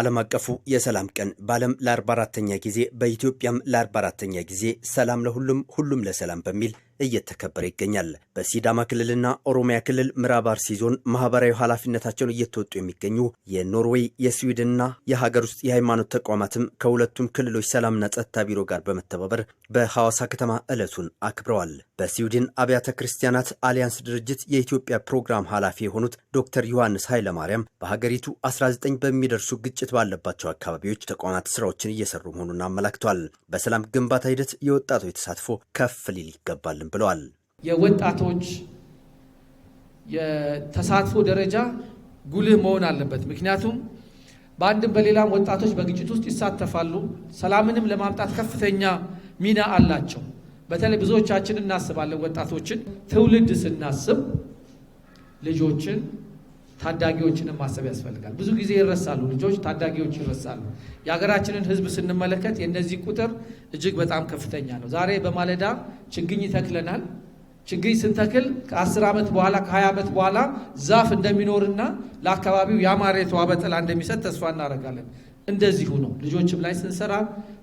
አለም አቀፉ የሰላም ቀን በዓለም ለ44ተኛ ጊዜ በኢትዮጵያም ለ44ተኛ ጊዜ ሰላም ለሁሉም ሁሉም ለሰላም በሚል እየተከበረ ይገኛል። በሲዳማ ክልልና ኦሮሚያ ክልል ምዕራብ አርሲ ዞን ማህበራዊ ኃላፊነታቸውን እየተወጡ የሚገኙ የኖርዌይ የስዊድንና የሀገር ውስጥ የሃይማኖት ተቋማትም ከሁለቱም ክልሎች ሰላምና ጸጥታ ቢሮ ጋር በመተባበር በሐዋሳ ከተማ ዕለቱን አክብረዋል። በስዊድን አብያተ ክርስቲያናት አሊያንስ ድርጅት የኢትዮጵያ ፕሮግራም ኃላፊ የሆኑት ዶክተር ዮሐንስ ኃይለማርያም በሀገሪቱ 19 በሚደርሱ ግጭት ባለባቸው አካባቢዎች ተቋማት ስራዎችን እየሰሩ መሆኑን አመላክቷል። በሰላም ግንባታ ሂደት የወጣቶች ተሳትፎ ከፍ ሊል ይገባል ብለዋል። የወጣቶች የተሳትፎ ደረጃ ጉልህ መሆን አለበት። ምክንያቱም በአንድም በሌላም ወጣቶች በግጭት ውስጥ ይሳተፋሉ። ሰላምንም ለማምጣት ከፍተኛ ሚና አላቸው። በተለይ ብዙዎቻችን እናስባለን። ወጣቶችን ትውልድ ስናስብ ልጆችን ታዳጊዎችንም ማሰብ ያስፈልጋል። ብዙ ጊዜ ይረሳሉ ልጆች፣ ታዳጊዎች ይረሳሉ። የሀገራችንን ህዝብ ስንመለከት የእነዚህ ቁጥር እጅግ በጣም ከፍተኛ ነው። ዛሬ በማለዳ ችግኝ ይተክለናል። ችግኝ ስንተክል ከ10 ዓመት በኋላ ከ20 ዓመት በኋላ ዛፍ እንደሚኖርና ለአካባቢው ያማረ የተዋበ ጥላ እንደሚሰጥ ተስፋ እናደርጋለን። እንደዚሁ ነው። ልጆችም ላይ ስንሰራ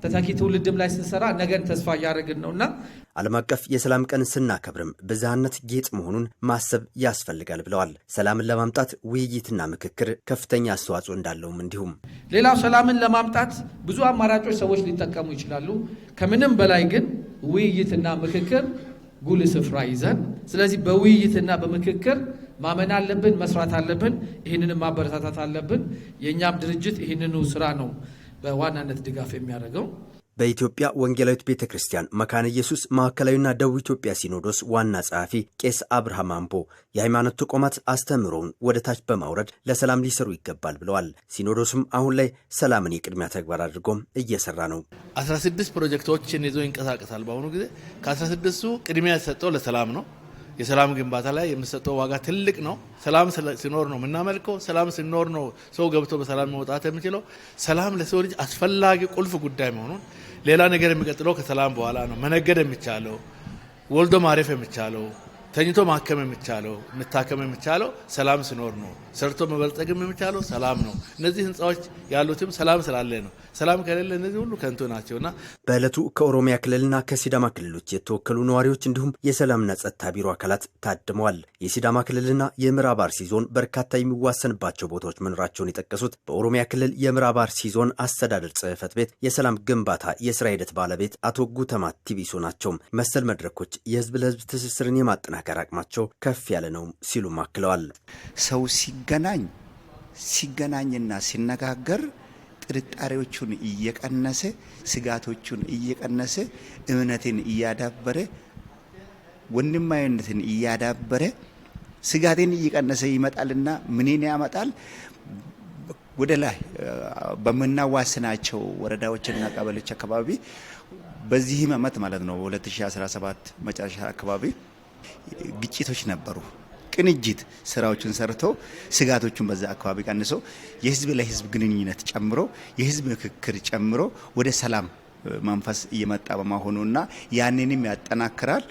ተተኪ ትውልድም ላይ ስንሰራ ነገን ተስፋ እያደረግን ነውና ዓለም አቀፍ የሰላም ቀን ስናከብርም ብዝሃነት ጌጥ መሆኑን ማሰብ ያስፈልጋል ብለዋል። ሰላምን ለማምጣት ውይይትና ምክክር ከፍተኛ አስተዋጽኦ እንዳለውም እንዲሁም ሌላው ሰላምን ለማምጣት ብዙ አማራጮች ሰዎች ሊጠቀሙ ይችላሉ። ከምንም በላይ ግን ውይይትና ምክክር ጉል ስፍራ ይዘን ስለዚህ በውይይትና በምክክር ማመን አለብን፣ መስራት አለብን፣ ይህንንም ማበረታታት አለብን። የእኛም ድርጅት ይህንኑ ስራ ነው በዋናነት ድጋፍ የሚያደርገው። በኢትዮጵያ ወንጌላዊት ቤተ ክርስቲያን መካነ ኢየሱስ ማዕከላዊና ደቡብ ኢትዮጵያ ሲኖዶስ ዋና ጸሐፊ ቄስ አብርሃም አምቦ የሃይማኖት ተቋማት አስተምሮውን ወደ ታች በማውረድ ለሰላም ሊሰሩ ይገባል ብለዋል። ሲኖዶሱም አሁን ላይ ሰላምን የቅድሚያ ተግባር አድርጎም እየሰራ ነው። 16 ፕሮጀክቶችን ይዞ ይንቀሳቀሳል። በአሁኑ ጊዜ ከ16ቱ ቅድሚያ የተሰጠው ለሰላም ነው። የሰላም ግንባታ ላይ የምሰጠው ዋጋ ትልቅ ነው። ሰላም ሲኖር ነው የምናመልከው። ሰላም ሲኖር ነው ሰው ገብቶ በሰላም መውጣት የምችለው። ሰላም ለሰው ልጅ አስፈላጊ ቁልፍ ጉዳይ መሆኑን ሌላ ነገር የሚቀጥለው ከሰላም በኋላ ነው። መነገድ የሚቻለው ወልዶ ማረፍ የሚቻለው ተኝቶ ማከም የሚቻለው መታከም የሚቻለው ሰላም ሲኖር ነው። ሰርቶ መበልጸግም የሚቻለው ሰላም ነው። እነዚህ ህንፃዎች ያሉትም ሰላም ስላለ ነው። ሰላም ከሌለ እነዚህ ሁሉ ከንቱ ናቸውና በዕለቱ ከኦሮሚያ ክልልና ከሲዳማ ክልሎች የተወከሉ ነዋሪዎች እንዲሁም የሰላምና ጸጥታ ቢሮ አካላት ታድመዋል። የሲዳማ ክልልና የምዕራብ አርሲ ዞን በርካታ የሚዋሰንባቸው ቦታዎች መኖራቸውን የጠቀሱት በኦሮሚያ ክልል የምዕራብ አርሲ ዞን አስተዳደር ጽህፈት ቤት የሰላም ግንባታ የስራ ሂደት ባለቤት አቶ ጉተማ ቲቢሶ ናቸው። መሰል መድረኮች የህዝብ ለህዝብ ትስስርን የማጠናከ የመከላከል አቅማቸው ከፍ ያለ ነው ሲሉም አክለዋል። ሰው ሲገናኝ ሲገናኝና ሲነጋገር ጥርጣሬዎቹን እየቀነሰ ስጋቶቹን እየቀነሰ እምነትን እያዳበረ ወንድማዊነትን እያዳበረ ስጋቴን እየቀነሰ ይመጣልና ምንን ያመጣል? ወደ ላይ በምናዋስናቸው ወረዳዎችና ቀበሌዎች አካባቢ በዚህም ዓመት ማለት ነው 2017 መጨረሻ አካባቢ ግጭቶች ነበሩ። ቅንጅት ስራዎችን ሰርቶ ስጋቶቹን በዛ አካባቢ ቀንሶ የህዝብ ለህዝብ ግንኙነት ጨምሮ የህዝብ ምክክር ጨምሮ ወደ ሰላም መንፈስ እየመጣ በመሆኑና ያንንም ያጠናክራል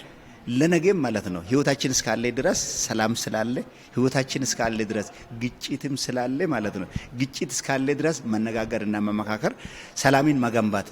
ለነገም ማለት ነው። ህይወታችን እስካለ ድረስ ሰላም ስላለ ህይወታችን እስካለ ድረስ ግጭትም ስላለ ማለት ነው። ግጭት እስካለ ድረስ መነጋገርና መመካከር ሰላምን መገንባት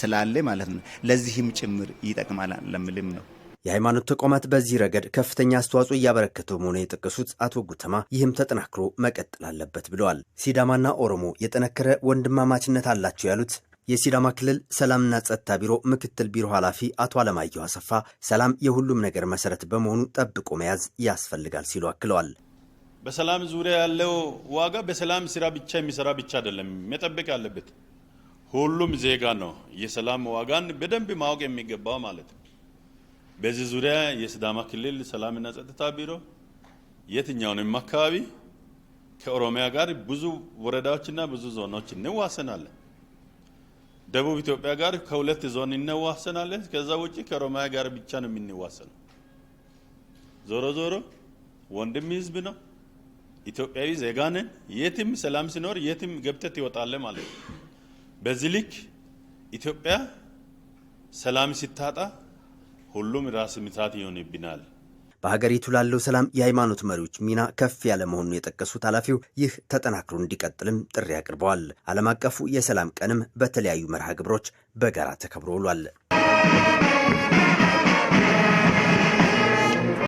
ስላለ ማለት ነው። ለዚህም ጭምር ይጠቅማል ለምልም ነው። የሃይማኖት ተቋማት በዚህ ረገድ ከፍተኛ አስተዋጽኦ እያበረከቱ መሆኑን የጠቀሱት አቶ ጉተማ ይህም ተጠናክሮ መቀጠል አለበት ብለዋል። ሲዳማና ኦሮሞ የጠነከረ ወንድማማችነት አላቸው ያሉት የሲዳማ ክልል ሰላምና ጸጥታ ቢሮ ምክትል ቢሮ ኃላፊ አቶ አለማየሁ አሰፋ ሰላም የሁሉም ነገር መሰረት በመሆኑ ጠብቆ መያዝ ያስፈልጋል ሲሉ አክለዋል። በሰላም ዙሪያ ያለው ዋጋ በሰላም ስራ ብቻ የሚሰራ ብቻ አይደለም መጠበቅ ያለበት ሁሉም ዜጋ ነው። የሰላም ዋጋን በደንብ ማወቅ የሚገባው ማለት ነው። በዚህ ዙሪያ የስዳማ ክልል ሰላምና ጸጥታ ቢሮ የትኛውንም አካባቢ ከኦሮሚያ ጋር ብዙ ወረዳዎችና ብዙ ዞኖች እንዋሰናለን። ደቡብ ኢትዮጵያ ጋር ከሁለት ዞን እንዋሰናለን። ከዛ ውጭ ከኦሮሚያ ጋር ብቻ ነው የምንዋሰነው። ዞሮ ዞሮ ወንድም ህዝብ ነው፣ ኢትዮጵያዊ ዜጋ ነን። የትም ሰላም ሲኖር የትም ገብተት ትወጣለህ ማለት ነው። በዚህ ልክ ኢትዮጵያ ሰላም ሲታጣ ሁሉም ራስ ምታት ይሆንብናል። በሀገሪቱ ላለው ሰላም የሃይማኖት መሪዎች ሚና ከፍ ያለ መሆኑን የጠቀሱት ኃላፊው ይህ ተጠናክሮ እንዲቀጥልም ጥሪ አቅርበዋል። ዓለም አቀፉ የሰላም ቀንም በተለያዩ መርሃ ግብሮች በጋራ ተከብሮ ውሏል።